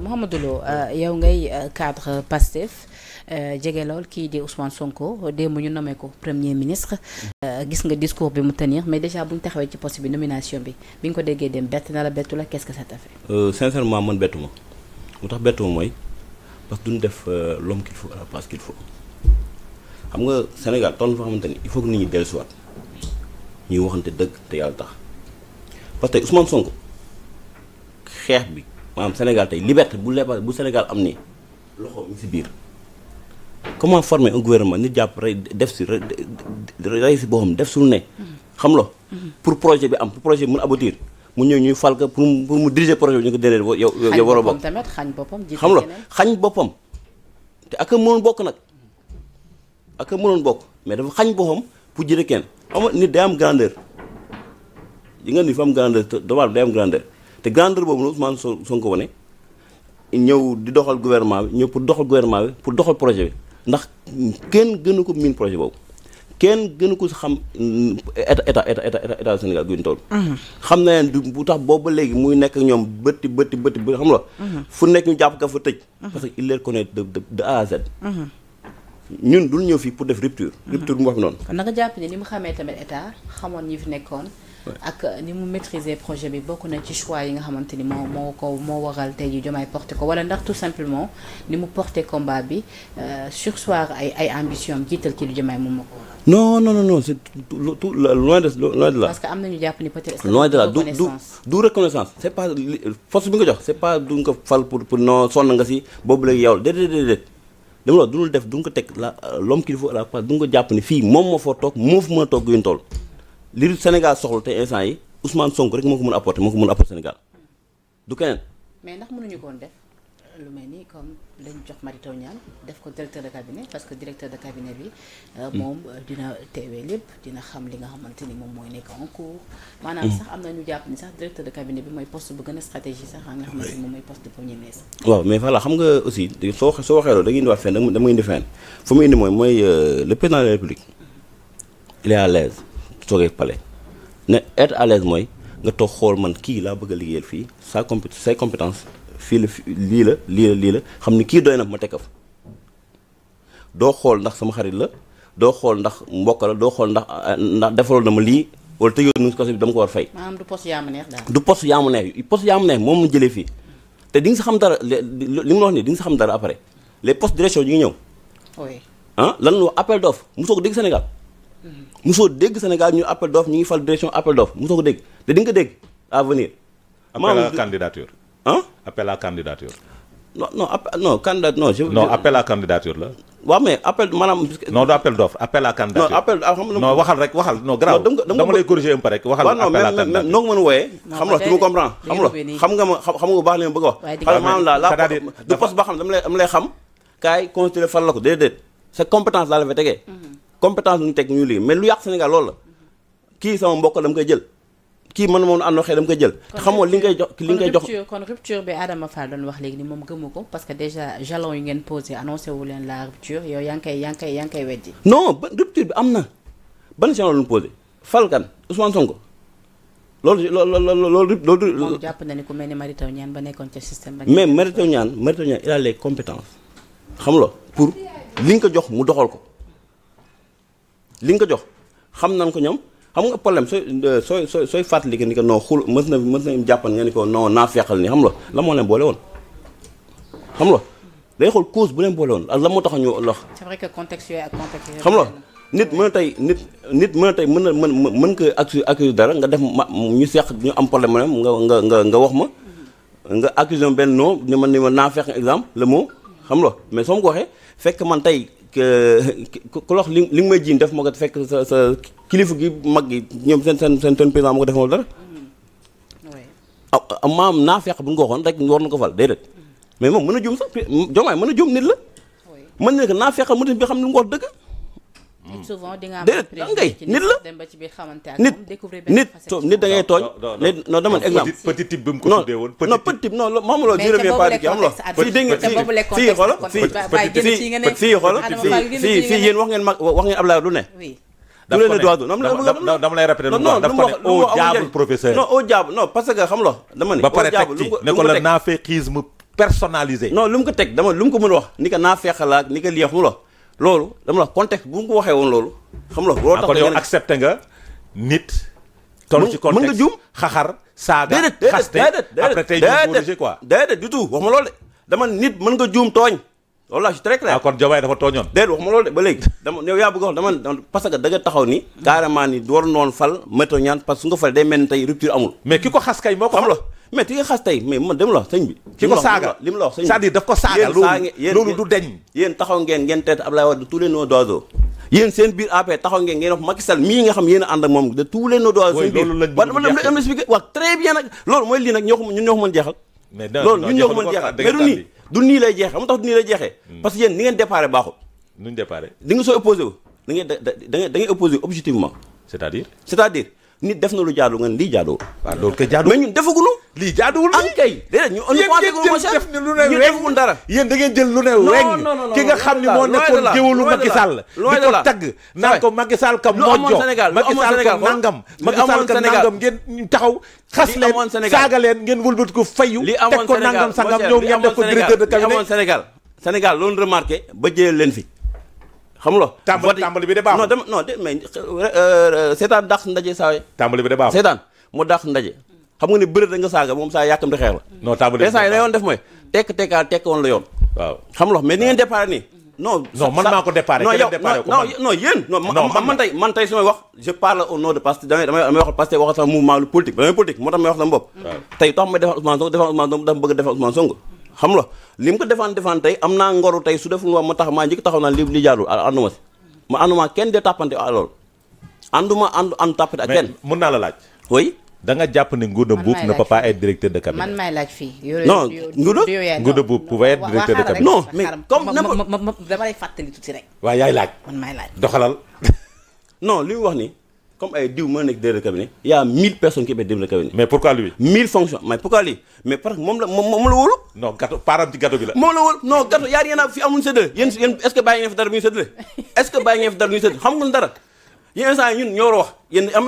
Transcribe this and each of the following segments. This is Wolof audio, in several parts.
Mouhamadou Lo euh, yow ngay euh, cadre Pastef euh, jege lool kii di Ousmane Sonko démb ñu nommé ko premier ministre. gis nga discours bi mu tenir mais déjà bu ñu taxawee ci poste bi nomination bi bi nga ko déggee dem bett na la bettu la qu'est-ce que ça t'a fait. sincèrement man bettu ma tax bettu mooy parce que duñ def l'homme qu'il faut la place qu'il faut xam nga Sénégal toll foo xamante ni il faut que nit ñi dellusiwaat ñuy waxante dëgg te yàlla tax parce que Sonko xeex maanaam Sénégal tey liberté bu leba bu Sénégal am ni loxo mi si biir comment former un gouvernement nit jàpp rey def si rey si boppam def suñu ne xam lo pour projet bi am pour projet bi mën aboutir mu ñëw ñuy fal pour mu mu diriger projet bi ñu ko déedéet yow yow waroo bokk xam la xañ boppam te ak a mënoon bokk nag ak mënoon bokk mais dafa xañ boppam pour jëlee kenn xam nga nit day am grandeur yi nga ni fa am grandeur domaat day am grandeur te grandeur boobu noonu Ousmane Sonko wane ñëw di doxal gouvernement bi ñëw pour doxal gouvernement bi pour doxal projet bi ndax kenn gënu ko miin projet boobu kenn gënu ko xam mm, état état état état Sénégal guñ toll. Mhm. na leen du bu tax boobu ba léegi muy nekk ak ñoom bëtti bëtti bëtti bi xam la mhm. fu nekk ñu mhm. A à Z. ñun dul ñëw fii pour def rupture. rupture bu mu wax noonu. kon jàpp ne ni mu xamee tamit état xamoon ñi fi nekkoon. ak euh, ni mu maîtriser projet bi bokk na ci choix yi nga xamante ni moo moo ko moo waral tey ji Diomaye porté ko wala ndax tout simplement ni mu porté combat bi euh, sursoir ay ay ambition am jiital ci lu moom moo ko waral. non non non c'est tout tout loin de que am na ñu jàpp ni peut-être. loin de là nga jox pour pour non sonn nga si boobu léegi yow déedéet déedéet. dama la def du nga ko la l'homme qu'il du jàpp ni fii moom moo foo toog moo fu mën a toog yuñ toll. li Sénégal soxla te instant yi Ousmane Sonko rek moo ko mën apporter moo ko mën apporter Sénégal du keneen. mais ndax mënuñu koon def lu mel ni comme lañ jox Mary Teuw Niane def ko directeur de cabinet parce que directeur de cabinet bi. Euh, mm. moom euh, dina teewee lépp dina xam li nga xamante ni moom mooy nekk en cours. maanaam mm. sax am na ñu jàpp ni sax directeur de cabinet bi mooy poste bu gën a stratégie sax nga xamante ni moom mooy poste de premier ministre. waaw mais mooy mooy euh, le la république toogee pale ne être à mooy nga toog xool man kii laa bëgg a liggéeyal fii saa compé say compétence fii la lii la lii la lii la xam ni kii doy na ma teg fa doo xool ndax sama xarit la doo xool ndax mbokk la doo xool ndax ah, ndax defaloon na ma lii wala tëjoon nañu ko bi dama ko war fay. neex daal. du poste yaamu neex poste yaamu neex moom mu jëlee fii te di nga xam dara li ma wax nii di nga xam dara après les postes direction ñu ngi ñëw. oui ah lan la wax appel d'offre mosoo ko dégg Sénégal. mosoo dégg Sénégal ñu appel d'offre ñu ngi fal direction appel d'offre mosoo ko dégg te di nga ko dégg à venir. appel à candidature. ah appel à appel non candidat appel à candidature la. waaw mais appel rek waxal non. grave dama lay corriger un peu waxal appel a nga tu ma a la la du poste boo xam dama lay compétence laa la fa tegee. Mhm. compétence lu ñu teg ñu lii mais lu yàq Sénégal loolu la kii sama mbokk dama koy jël kii man moom àndoo xëy dama koy jël xamoo li nga koy jox li nga koy jox kon rupture bi Adama Fall wax léegi ni moom gëmu ko parce que déjà jalon yi ngeen posé annoncé leen la rupture yow yaa ngi koy yaa ngi koy yaa ngi koy weddi non ba rupture bi am na ban jalon loolu loolu jàpp na ni ku mel ni Mary Teuw Niane ba nekkoon ca système ba. mais Mary Teuw Niane Mary Teuw Niane il a les xam nga pour li ko jox mu doxal ko. li nga ko jox xam nañ ko ñoom xam nga problème sooy sooy sooy sooy fàttali que ni xul mës na mës na jàppan nga ni ko non naa feqal ni xam la la boole woon xam la day xool cause bu leen boole ak la moo tax ñu lox. c'est vrai que xam la nit mën tey nit nit mën tey mën na mën mën ko accuser dara nga def ma ñu seq ñu am problème nga nga nga nga wax ma. nga accuser benn non ni ma ni ma naa feq exemple la mot xam la mais soo ma ko waxee fekk man tey. Euh, ku lox li li nga may jiin def ma ko fekk sa sa kilifa gi mag gi ñoom seen seen seen seen président ma ko def ma dara. Mm-hmm. Ah, ah maam naa fekk bu ñu ko waxoon rek war na ko fal déedéet. Mm-hmm. mais moom mën a juum sax Diomaye mën a juum nit la. mën na ne naa fekk mu bi xam ni mu wax Mm. souvent di nit la nit nit da tooñ nit non dama exemple petit type bi mu ko tuddee woon non petit type non moom loolu ñu remet pas ki am loolu si dégg nga si xoolal si wax ngeen mag wax ngeen Ablaye lu ne daf lu mu wax daf ko ne au que xam lo dama ne ba pare teg ci ko la naafeqisme personnalisé non lu mu ko teg dama lu mu ko mën a mu lo loolu dama la context bu ko waxee woon loolu. xam nga loolu tax kon yow accepté nga nit. toll ci contexte mën ñu quoi. déedéet du tout wax ma loolu de dama nit mën nga juum tooñ. loolu laa je suis très clair. Ah, kon dafa tooñoon. déedéet wax ma loolu de ba léegi dama yow yaa bëgg a wax dama parce que taxaw ni. carrément ni waroon noonu fal météo ñaan parce que su nga fal day mel ni tey rupture amul. mais ki ko xas moo ko. xam la mais ki nga xas tey mais man dem la wax sëñ bi. ki ko saaga li mu la wax sëñ bi c'est-à-dire daf ko saaga. loolu loolu du deñ. yéen taxaw ngeen seen biir AP taxaw ngeen ngeen wax Macky Sall mii nga xam yéen a moom de tous les noms d'oiseaux. seen biir waaw dama leen nag loolu mooy lii nag ñun ñoo ko jeexal. loolu ñun ñoo ko jeexal mais du nii du nii lay jeexee am tax du nii lay jeexee. Hmm. parce que ni ngeen déparé baaxul. nuñ nga soo opposé wu da nit def na lu jaadu nga lii jaaduwul. waaw loolu kay jaaduwul mais ñun defaguñu. lii jaaduwul lii am ah, kay. déedéet ñu on ne poite gu ma def ne lu ne rek dara. yéen da ngeen jël lu ne rek. ki nga xam ni moo nekkoon géwélu Macky Sall. looy de la di ko tagg naan ko Macky Sall ka moo jox Macky Sall ka nangam. Macky Sall ka nangam ngeen taxaw. xas leen saaga leen ngeen wëlbat ko fayu. li amoon Sénégal teg ko nangam sangam ñëw ngeen def ko directeur de cabinet. Sénégal loolu remarqué ba jëlee leen fi xam nga. tàmbali tàmbali bi de baaxul non dama non de mais euh, euh, seetaan dàq ndaje saa yi. tàmbali bi de baaxul seetaan mu dàq ndaje. xam nga ne bëri nga saaga moom saa yàkkamti xeer la. non saa yoon def mooy. tekk tekkaat tekk woon la yoon. waaw mais ni ngeen départ nii. non man maa ko déparé. keneen déparé ko man non non de Pastef damay damay wax Pastef wax sama mouvement lu politique damay tax may wax sama bopp. tey tax may defal Ousmane Sonko defal Ousmane Sonko dafa bëgg defal Ousmane Sonko xam nga li mu ko defaan defaan tey am naa ngoro tey su defu deful ma tax maa njëkk taxaw naa li li jaarul ànduma si ma ànduma kenn de tàppante à loolu ànduma ànd ànd tàppante ak kenn mën naa la laaj oui da nga jàpp ne Ngouda Mboup ne peut pas être directeur de cabinet man may laaj fii non Ngouda Ngouda Mboup pouvait être directeur de cabinet non mais comme dama lay fàttali tuuti rek waaw yaay laaj man may laaj doxalal no li wax ni comme ay diw mën nekk directeur de cabinet y' a 1000 personnes qui mais pourquoi lui. 1000 fonctions mais parce que moom la moom moom la wóolu. non gâteau bi la. moom la wóolu non gâteau yaa yéen a fi amul séddale yéen yéen est ce fi dara bu ñu séddale est ce que bàyyi fi dara bu ñu séddale xam nga dara yéen instant ñun ñoo war wax yéen am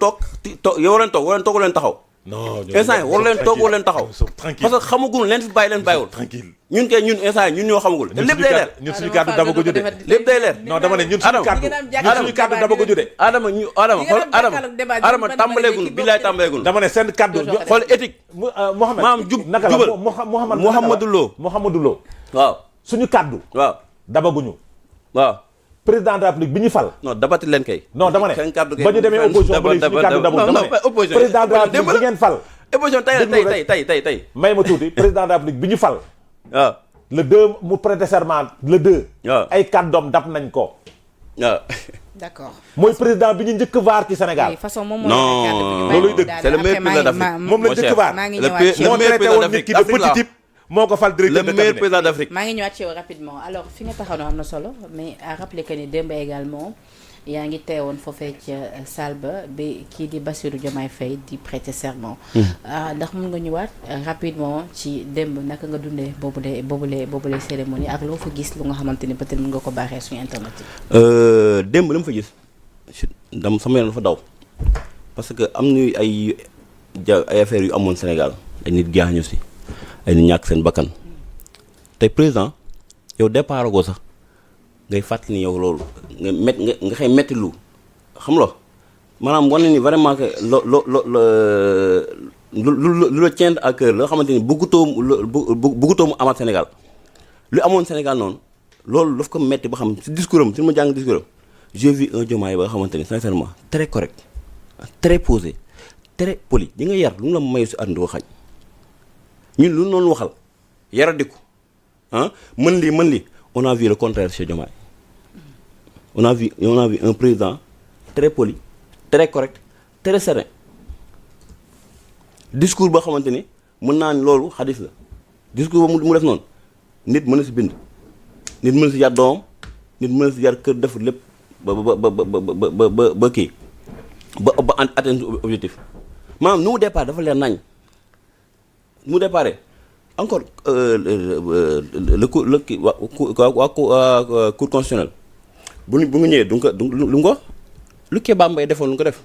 toog ti toog yoo toog war toog leen taxaw non instant yi war leen toog war leen taxaw parce que xamagul leen fi bàyyi leen bàyyiwul tranquille ñun kay ñun instant yi ñun ñoo xamagul te lépp day leer ñun suñu kàddu dama ko jude lépp day leer non ñun suñu kàddu ñun suñu kàddu dama ko ñu adama xool adama adama tàmbaleegul billaay tàmbaleegul euh, maam jub jubal Mohamed suñu kàddu waaw dabaguñu waaw président de bi ñu fal. non dabati leen kay. non dama ne ba ñu demee opposition ba léegi suñu kàddu dabul dama président de la République bi ngeen fal. opposition tey tey tey tey tey la République bi ñu fal. waaw le deux mu prêter serment le deux. ay kàddoom dab nañ ko. mooy président bi ñu njëkk vaar ci Sénégal. façon moom moo. loolu dëgg c'est le moom la njëkk vaar. maa ngi ñëwaat ci moom moo traité woon nit ki de petit moo ko fal directeur le maa ngi ñëwaat ci yow rapidement alors fi nga taxaw na am na solo mais à rappeler que ni démb également yaa ngi teewoon foofee ca euh, salle ba bi kii di Bassirou Diomaye fay di prêter serment. Hmm. Ah, ndax mun nga ñëwaat euh, rapidement ci démb naka nga dundee boobu boobule boobule boobule cérémonie ak loo fa gis lu nga xamante ni peut-être mun nga ko baaxee suñu internet yi. Euh, démb la mu fa gis dam sama yoon dafa daw parce que am na ay ja ay affaires yu amoon Sénégal dañ nit gaañu si. ay nit ñàkk seen bakkan tey président yow départ goo sax ngay fàttali ni yow loolu nga met nga nga xëy metti lu xam la maanaam wane ni vraiment lo lo lo lu la tient à cœur loo xamante ni bëggutoo bëggutoo mu amaat Sénégal lu amoon Sénégal noonu loolu daf ko metti ba xam si discours am si ma jàng discours am j'ai vu un Diomaye ba nga xamante ni sincèrement très correct très posé tere poli di nga yar lu mu la mayu si àdduna ko xaj ñu lu noonu waxal yaradiku ah mën lii mën lii on a vu le contraire chez Diomaye on a vu on a un président très poli très correct très serein discours boo xamante ni mën naa ne loolu xadis la discours ba mu def noonu nit mën na si bind nit mën na si yar doomam nit mën si yar kër deful lépp ba ba ba ba ba ba kii ba ba atteindre objectif maanaam nu mu départ dafa leer nañ mu déparé encore le cour le kii waa waa cour constitutionnel bu bu nga ñëwee du nga ko lu nga ko lu Kéba Mbaye defoon lu ko def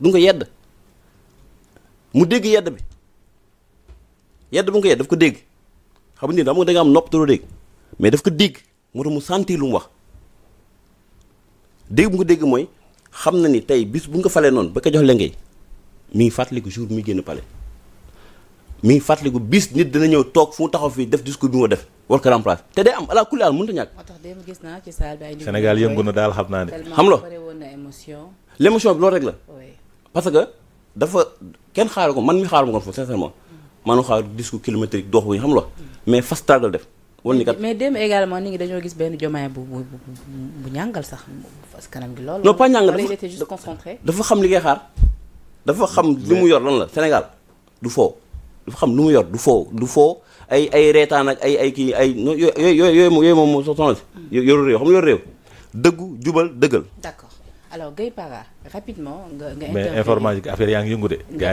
du nga ko yedd mu dégg yedd bi yedd bu nga ko yedd daf ko dégg xam ni dama da nga am nopp doo dégg mais daf ko dégg moo tax mu sentir lu mu wax dégg bu nga dégg mooy xam na ni tey bis bu nga ko falee noonu ba ko jox lenge mi ngi fàttaliku jour mi génn palais. mi ngi fàttaliku bis nit dina ñëw toog fu mu taxaw fii def discours bi mu def war ko remplacer te day am ala kulli aal mënut a ñàkk. gis naa ci saal bi ay Sénégal yëngu na daal xam naa ne. xam loo l' émotion bi loolu rek la. parce que dafa kenn xaaru ko man mi xaaru ma ko foofu man maanaam xaar discours kilométrique dox wu xam la mais fast track la def. wala ni kat mais démb également nit ñi dañoo gis benn jomaay bu bu bu ñàngal sax parce que kanam gi loolu. non pas ñàngal dafa dafa xam li ngay xaar dafa xam li mu yor lan la Sénégal du foo dafa xam lu mu yor du foo du foo ay ay reetaan ak ay ay kii ay yooyu yooyu yooyu moom yooyu moom moo si. yoru réew xam nga yoru réew dëggu jubal dëggal. d'accord. alors Guèye Para rapidement nga nga. yaa gaa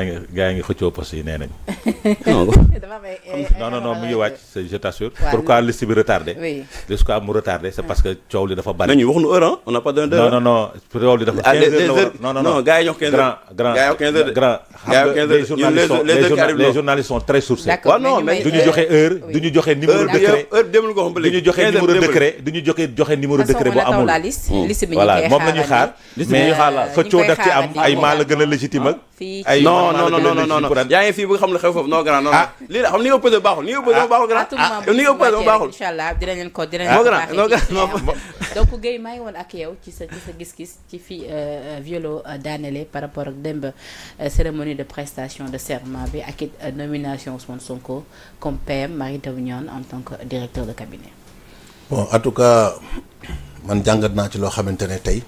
ngi gaa yi ngi xëccoo poste yi nee nañ. Eh, non non non eh, mi ngi wàcc eh, je t'assure. pourquoi ah. que coow dafa bari. ñu wax nu heure on n'a pas donné d'heure. non non non li dafa ah, du ñu joxe heure. du ñu joxe numéro décret. du hmm. ñu joxe numéro décret. du ñu joxe joxe numéro boo amul. moom la ñuy xaar mais euh, xëccoo daf ci am a légitime ak ah, ay non non fii bu nga xam ne xew foofu non grand non ah. lii la xam ni nga posé baaxul ni nga posé ah. baaxul grand ni nga posé baaxul inchallah dinañ leen ko dinañ maa ngi woon ak yow ci gis-gis ci fii euh, euh, violo daanele par rapport ak démb cérémonie de prestation de serment bi ak it nomination Ousmane Sonko comme PM Marie Taw Niane en tant que directeur de cabinet jàngat naa loo xamante ne tey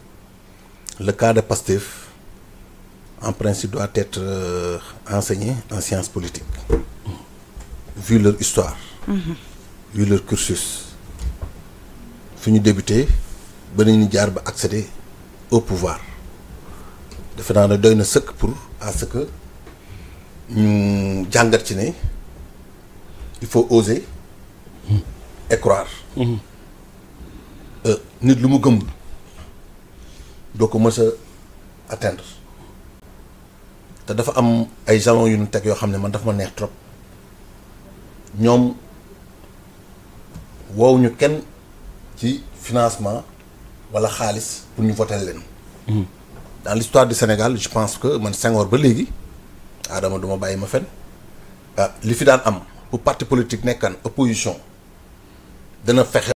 le cas de Pastef en principe doit être euh, enseigné en sciences politiques vu leur histoire mm-hmm. vu leur cursus fi ñu débuté ba nañu jaar ba accéder au pouvoir defe naa ne doy na sëkk pour à ce que ñu jàngat ci ne il faut oser mm. et mm-hmm. euh, nit lu mu gëmul doo ko mës a te dafa am ay jalons yu ñu teg yoo xam ne man dafa ma neex trop ñoom woowu kenn ci financement walla xaalis pour ñu voter leen. Hmm. dans l'histoire du Sénégal je pense que man sengoor ba léegi Adama du ma bàyyi ma fen ah, li fi daan am bu parti politique nekkaan opposition dana fexe.